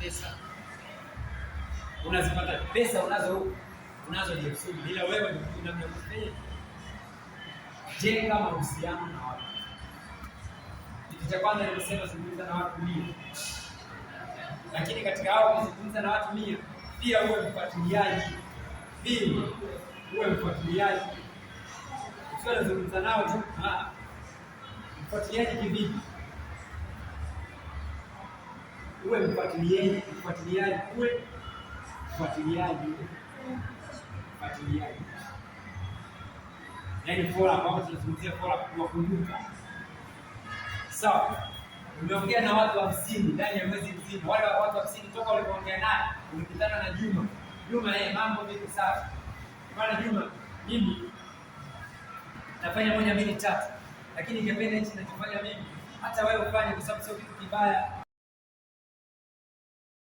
pesa unazipata, pesa unazo unazojikusudi, bila wewe unamjakufanya. Jenga mahusiano na watu. Kitu cha kwanza nimesema, zungumza na watu mia, lakini katika hao kuzungumza na watu mia, pia uwe mfuatiliaji. Pili, uwe mfuatiliaji, usiwe unazungumza nao tu. Ah, mfuatiliaji kivipi? uwe mfuatiliaji, mfuatiliaji uwe mfuatiliaji, mfuatiliaji yaani fora up, hapo tunazungumzia fora up, kuwakumbuka. Sawa, umeongea na watu hamsini ndani ya mwezi mzima, wale watu hamsini toka ulipoongea naye umekutana na Juma. Juma yeye eh, mambo vipi? Safi bwana Juma, mimi nafanya moja mbili tatu, lakini ningependa hichi ninachofanya mimi hata wewe ufanye, kwa sababu sio kitu kibaya.